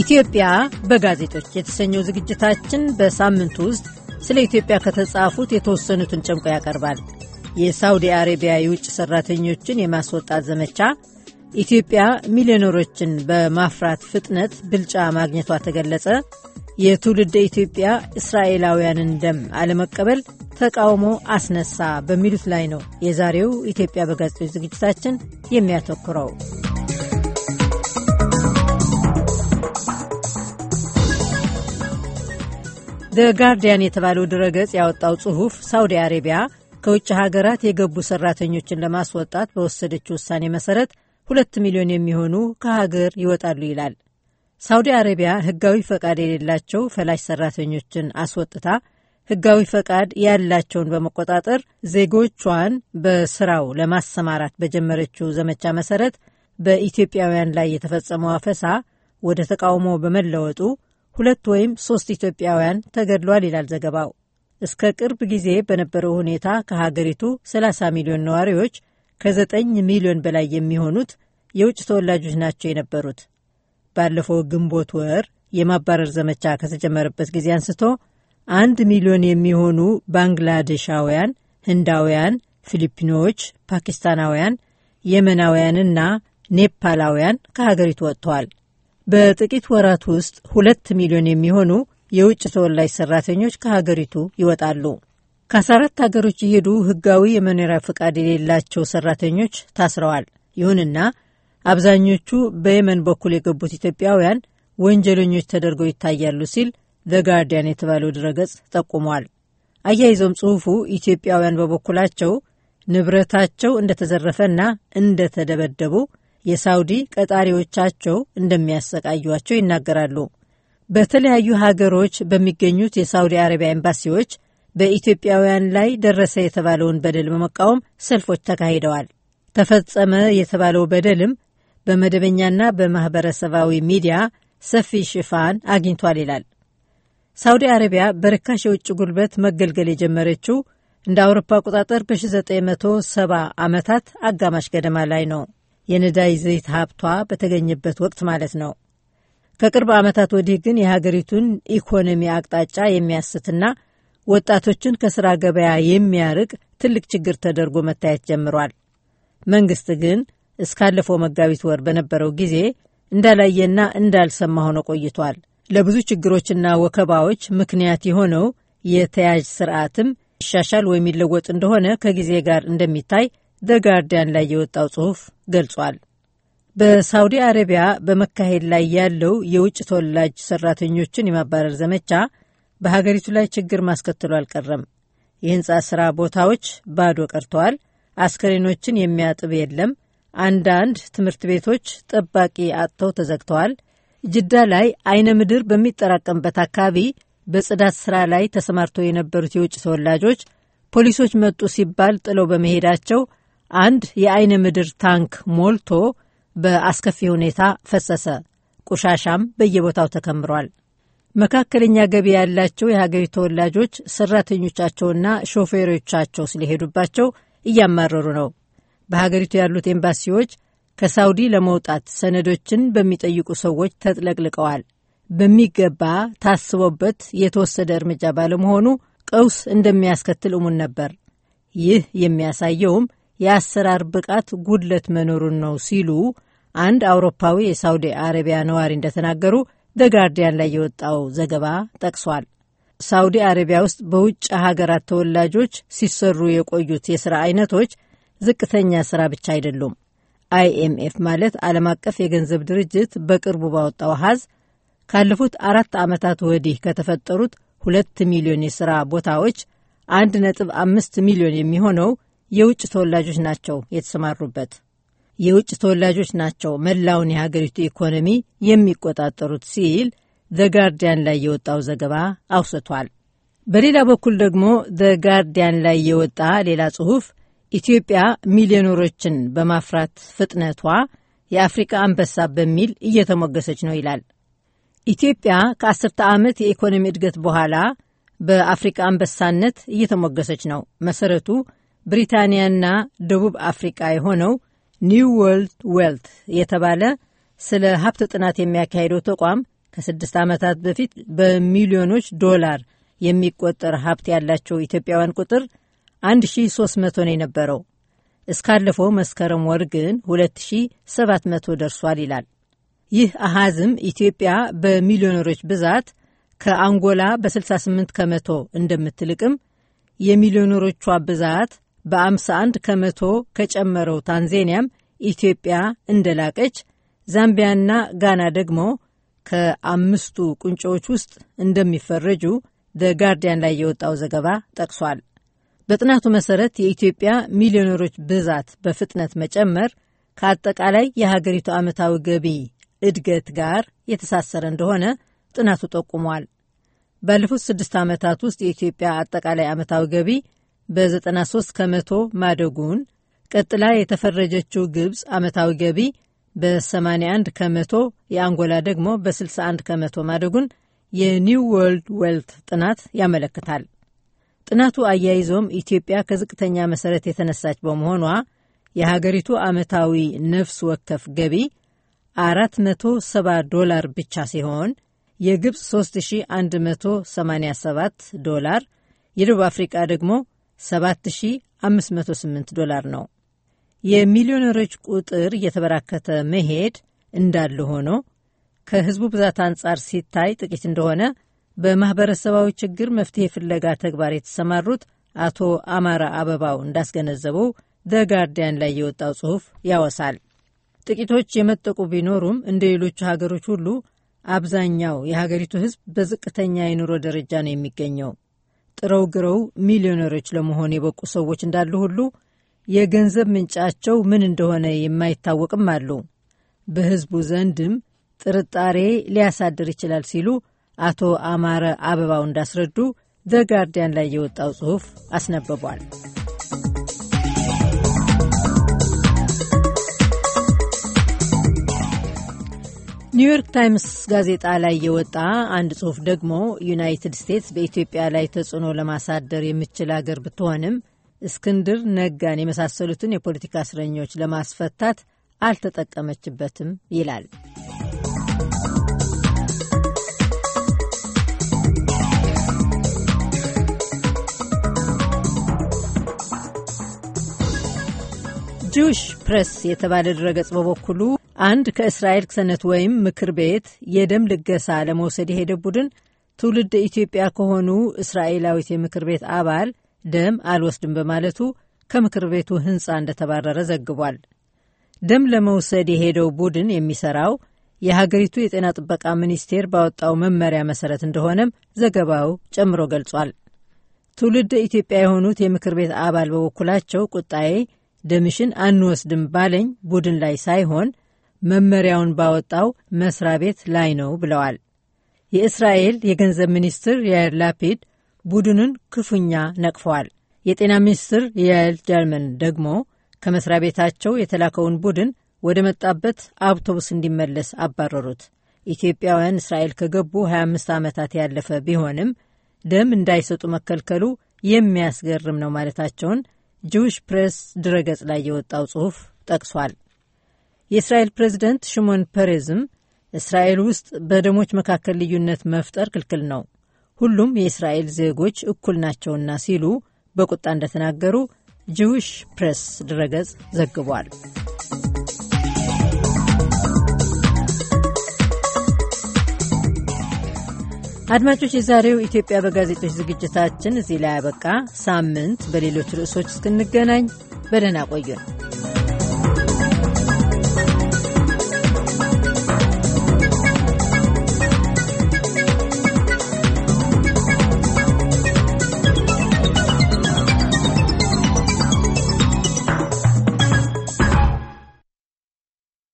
ኢትዮጵያ በጋዜጦች የተሰኘው ዝግጅታችን በሳምንቱ ውስጥ ስለ ኢትዮጵያ ከተጻፉት የተወሰኑትን ጨምቆ ያቀርባል። የሳውዲ አረቢያ የውጭ ሠራተኞችን የማስወጣት ዘመቻ፣ ኢትዮጵያ ሚሊዮነሮችን በማፍራት ፍጥነት ብልጫ ማግኘቷ ተገለጸ፣ የትውልደ ኢትዮጵያ እስራኤላውያንን ደም አለመቀበል ተቃውሞ አስነሳ በሚሉት ላይ ነው የዛሬው ኢትዮጵያ በጋዜጦች ዝግጅታችን የሚያተኩረው። ዘ ጋርዲያን የተባለው ድረገጽ ያወጣው ጽሑፍ ሳውዲ አረቢያ ከውጭ ሀገራት የገቡ ሰራተኞችን ለማስወጣት በወሰደችው ውሳኔ መሰረት ሁለት ሚሊዮን የሚሆኑ ከሀገር ይወጣሉ ይላል። ሳውዲ አረቢያ ህጋዊ ፈቃድ የሌላቸው ፈላሽ ሰራተኞችን አስወጥታ ህጋዊ ፈቃድ ያላቸውን በመቆጣጠር ዜጎቿን በስራው ለማሰማራት በጀመረችው ዘመቻ መሰረት በኢትዮጵያውያን ላይ የተፈጸመው አፈሳ ወደ ተቃውሞ በመለወጡ ሁለት ወይም ሶስት ኢትዮጵያውያን ተገድሏል ይላል ዘገባው። እስከ ቅርብ ጊዜ በነበረው ሁኔታ ከሀገሪቱ 30 ሚሊዮን ነዋሪዎች ከዘጠኝ ሚሊዮን በላይ የሚሆኑት የውጭ ተወላጆች ናቸው የነበሩት። ባለፈው ግንቦት ወር የማባረር ዘመቻ ከተጀመረበት ጊዜ አንስቶ አንድ ሚሊዮን የሚሆኑ ባንግላዴሻውያን፣ ህንዳውያን፣ ፊሊፒኖች፣ ፓኪስታናውያን፣ የመናውያንና ኔፓላውያን ከሀገሪቱ ወጥተዋል። በጥቂት ወራት ውስጥ ሁለት ሚሊዮን የሚሆኑ የውጭ ተወላጅ ሰራተኞች ከሀገሪቱ ይወጣሉ። ከአስራ አራት ሀገሮች የሄዱ ህጋዊ የመኖሪያ ፈቃድ የሌላቸው ሰራተኞች ታስረዋል። ይሁንና አብዛኞቹ በየመን በኩል የገቡት ኢትዮጵያውያን ወንጀለኞች ተደርገው ይታያሉ ሲል ዘ ጋርዲያን የተባለው ድረገጽ ጠቁሟል። አያይዘውም ጽሑፉ ኢትዮጵያውያን በበኩላቸው ንብረታቸው እንደተዘረፈና እንደተደበደቡ የሳውዲ ቀጣሪዎቻቸው እንደሚያሰቃዩቸው ይናገራሉ። በተለያዩ ሀገሮች በሚገኙት የሳውዲ አረቢያ ኤምባሲዎች በኢትዮጵያውያን ላይ ደረሰ የተባለውን በደል በመቃወም ሰልፎች ተካሂደዋል። ተፈጸመ የተባለው በደልም በመደበኛና በማኅበረሰባዊ ሚዲያ ሰፊ ሽፋን አግኝቷል ይላል። ሳውዲ አረቢያ በርካሽ የውጭ ጉልበት መገልገል የጀመረችው እንደ አውሮፓ አቆጣጠር በ1970 ዓመታት አጋማሽ ገደማ ላይ ነው። የነዳጅ ዘይት ሀብቷ በተገኘበት ወቅት ማለት ነው። ከቅርብ ዓመታት ወዲህ ግን የሀገሪቱን ኢኮኖሚ አቅጣጫ የሚያስትና ወጣቶችን ከሥራ ገበያ የሚያርቅ ትልቅ ችግር ተደርጎ መታየት ጀምሯል። መንግሥት ግን እስካለፈው መጋቢት ወር በነበረው ጊዜ እንዳላየና እንዳልሰማ ሆኖ ቆይቷል። ለብዙ ችግሮችና ወከባዎች ምክንያት የሆነው የተያዥ ስርዓትም ይሻሻል ወይም ይለወጥ እንደሆነ ከጊዜ ጋር እንደሚታይ ደጋርዲያን ጋርዲያን ላይ የወጣው ጽሑፍ ገልጿል። በሳውዲ አረቢያ በመካሄድ ላይ ያለው የውጭ ተወላጅ ሰራተኞችን የማባረር ዘመቻ በሀገሪቱ ላይ ችግር ማስከተሉ አልቀረም። የህንፃ ስራ ቦታዎች ባዶ ቀርተዋል። አስከሬኖችን የሚያጥብ የለም። አንዳንድ ትምህርት ቤቶች ጠባቂ አጥተው ተዘግተዋል። ጅዳ ላይ አይነ ምድር በሚጠራቀምበት አካባቢ በጽዳት ስራ ላይ ተሰማርተው የነበሩት የውጭ ተወላጆች ፖሊሶች መጡ ሲባል ጥለው በመሄዳቸው አንድ የአይነ ምድር ታንክ ሞልቶ በአስከፊ ሁኔታ ፈሰሰ። ቆሻሻም በየቦታው ተከምሯል። መካከለኛ ገቢ ያላቸው የሀገሪቱ ተወላጆች ሰራተኞቻቸውና ሾፌሮቻቸው ስለሄዱባቸው እያማረሩ ነው። በሀገሪቱ ያሉት ኤምባሲዎች ከሳውዲ ለመውጣት ሰነዶችን በሚጠይቁ ሰዎች ተጥለቅልቀዋል። በሚገባ ታስቦበት የተወሰደ እርምጃ ባለመሆኑ ቀውስ እንደሚያስከትል እሙን ነበር። ይህ የሚያሳየውም የአሰራር ብቃት ጉድለት መኖሩን ነው ሲሉ አንድ አውሮፓዊ የሳውዲ አረቢያ ነዋሪ እንደተናገሩ ደጋርዲያን ላይ የወጣው ዘገባ ጠቅሷል። ሳውዲ አረቢያ ውስጥ በውጭ ሀገራት ተወላጆች ሲሰሩ የቆዩት የሥራ አይነቶች ዝቅተኛ ሥራ ብቻ አይደሉም። አይኤምኤፍ ማለት ዓለም አቀፍ የገንዘብ ድርጅት በቅርቡ ባወጣው አሃዝ ካለፉት አራት ዓመታት ወዲህ ከተፈጠሩት ሁለት ሚሊዮን የሥራ ቦታዎች አንድ ነጥብ አምስት ሚሊዮን የሚሆነው የውጭ ተወላጆች ናቸው የተሰማሩበት። የውጭ ተወላጆች ናቸው መላውን የሀገሪቱ ኢኮኖሚ የሚቆጣጠሩት ሲል ዘ ጋርዲያን ላይ የወጣው ዘገባ አውስቷል። በሌላ በኩል ደግሞ ዘ ጋርዲያን ላይ የወጣ ሌላ ጽሑፍ ኢትዮጵያ ሚሊዮነሮችን በማፍራት ፍጥነቷ የአፍሪካ አንበሳ በሚል እየተሞገሰች ነው ይላል። ኢትዮጵያ ከአስርተ ዓመት የኢኮኖሚ እድገት በኋላ በአፍሪካ አንበሳነት እየተሞገሰች ነው። መሰረቱ ብሪታንያና ደቡብ አፍሪቃ የሆነው ኒው ወርልድ ዌልት የተባለ ስለ ሀብት ጥናት የሚያካሂደው ተቋም ከስድስት ዓመታት በፊት በሚሊዮኖች ዶላር የሚቆጠር ሀብት ያላቸው ኢትዮጵያውያን ቁጥር 1300 ነው የነበረው። እስካለፈው መስከረም ወር ግን 2700 ደርሷል ይላል። ይህ አሃዝም ኢትዮጵያ በሚሊዮነሮች ብዛት ከአንጎላ በ68 ከመቶ እንደምትልቅም የሚሊዮነሮቿ ብዛት በ51 ከመቶ ከጨመረው ታንዜኒያም ኢትዮጵያ እንደላቀች፣ ዛምቢያና ጋና ደግሞ ከአምስቱ ቁንጮዎች ውስጥ እንደሚፈረጁ ደ ጋርዲያን ላይ የወጣው ዘገባ ጠቅሷል። በጥናቱ መሰረት የኢትዮጵያ ሚሊዮነሮች ብዛት በፍጥነት መጨመር ከአጠቃላይ የሀገሪቱ ዓመታዊ ገቢ እድገት ጋር የተሳሰረ እንደሆነ ጥናቱ ጠቁሟል። ባለፉት ስድስት ዓመታት ውስጥ የኢትዮጵያ አጠቃላይ ዓመታዊ ገቢ በ93 ከመቶ ማደጉን፣ ቀጥላ የተፈረጀችው ግብፅ ዓመታዊ ገቢ በ81 ከመቶ፣ የአንጎላ ደግሞ በ61 ከመቶ ማደጉን የኒው ወርልድ ዌልት ጥናት ያመለክታል። ጥናቱ አያይዞም ኢትዮጵያ ከዝቅተኛ መሰረት የተነሳች በመሆኗ የሀገሪቱ ዓመታዊ ነፍስ ወከፍ ገቢ 470 ዶላር ብቻ ሲሆን የግብፅ 3187 ዶላር፣ የደቡብ አፍሪቃ ደግሞ 7508 ዶላር ነው። የሚሊዮነሮች ቁጥር እየተበራከተ መሄድ እንዳለ ሆኖ ከህዝቡ ብዛት አንጻር ሲታይ ጥቂት እንደሆነ በማኅበረሰባዊ ችግር መፍትሄ ፍለጋ ተግባር የተሰማሩት አቶ አማራ አበባው እንዳስገነዘበው ደ ጋርዲያን ላይ የወጣው ጽሑፍ ያወሳል። ጥቂቶች የመጠቁ ቢኖሩም እንደ ሌሎቹ ሀገሮች ሁሉ አብዛኛው የሀገሪቱ ህዝብ በዝቅተኛ የኑሮ ደረጃ ነው የሚገኘው። ጥረው ግረው ሚሊዮነሮች ለመሆን የበቁ ሰዎች እንዳሉ ሁሉ የገንዘብ ምንጫቸው ምን እንደሆነ የማይታወቅም አሉ። በህዝቡ ዘንድም ጥርጣሬ ሊያሳድር ይችላል ሲሉ አቶ አማረ አበባው እንዳስረዱ ዘ ጋርዲያን ላይ የወጣው ጽሑፍ አስነብቧል። ኒውዮርክ ታይምስ ጋዜጣ ላይ የወጣ አንድ ጽሑፍ ደግሞ ዩናይትድ ስቴትስ በኢትዮጵያ ላይ ተጽዕኖ ለማሳደር የምችል አገር ብትሆንም እስክንድር ነጋን የመሳሰሉትን የፖለቲካ እስረኞች ለማስፈታት አልተጠቀመችበትም ይላል። ጂውሽ ፕሬስ የተባለ ድረገጽ በበኩሉ አንድ ከእስራኤል ክሰነት ወይም ምክር ቤት የደም ልገሳ ለመውሰድ የሄደ ቡድን ትውልድ ኢትዮጵያ ከሆኑ እስራኤላዊት የምክር ቤት አባል ደም አልወስድም በማለቱ ከምክር ቤቱ ሕንፃ እንደተባረረ ዘግቧል። ደም ለመውሰድ የሄደው ቡድን የሚሰራው የሀገሪቱ የጤና ጥበቃ ሚኒስቴር ባወጣው መመሪያ መሰረት እንደሆነም ዘገባው ጨምሮ ገልጿል። ትውልድ ኢትዮጵያ የሆኑት የምክር ቤት አባል በበኩላቸው ቁጣዬ ደምሽን አንወስድም ባለኝ ቡድን ላይ ሳይሆን መመሪያውን ባወጣው መስሪያ ቤት ላይ ነው ብለዋል። የእስራኤል የገንዘብ ሚኒስትር ያይር ላፒድ ቡድኑን ክፉኛ ነቅፈዋል። የጤና ሚኒስትር ያይል ጀርመን ደግሞ ከመስሪያ ቤታቸው የተላከውን ቡድን ወደ መጣበት አውቶቡስ እንዲመለስ አባረሩት። ኢትዮጵያውያን እስራኤል ከገቡ 25 ዓመታት ያለፈ ቢሆንም ደም እንዳይሰጡ መከልከሉ የሚያስገርም ነው ማለታቸውን ጂውሽ ፕሬስ ድረገጽ ላይ የወጣው ጽሑፍ ጠቅሷል። የእስራኤል ፕሬዚደንት ሽሞን ፐሬዝም እስራኤል ውስጥ በደሞች መካከል ልዩነት መፍጠር ክልክል ነው፣ ሁሉም የእስራኤል ዜጎች እኩል ናቸውና ሲሉ በቁጣ እንደተናገሩ ጅዊሽ ፕሬስ ድረገጽ ዘግቧል። አድማጮች፣ የዛሬው ኢትዮጵያ በጋዜጦች ዝግጅታችን እዚህ ላይ ያበቃ። ሳምንት በሌሎች ርዕሶች እስክንገናኝ በደህና ቆዩን።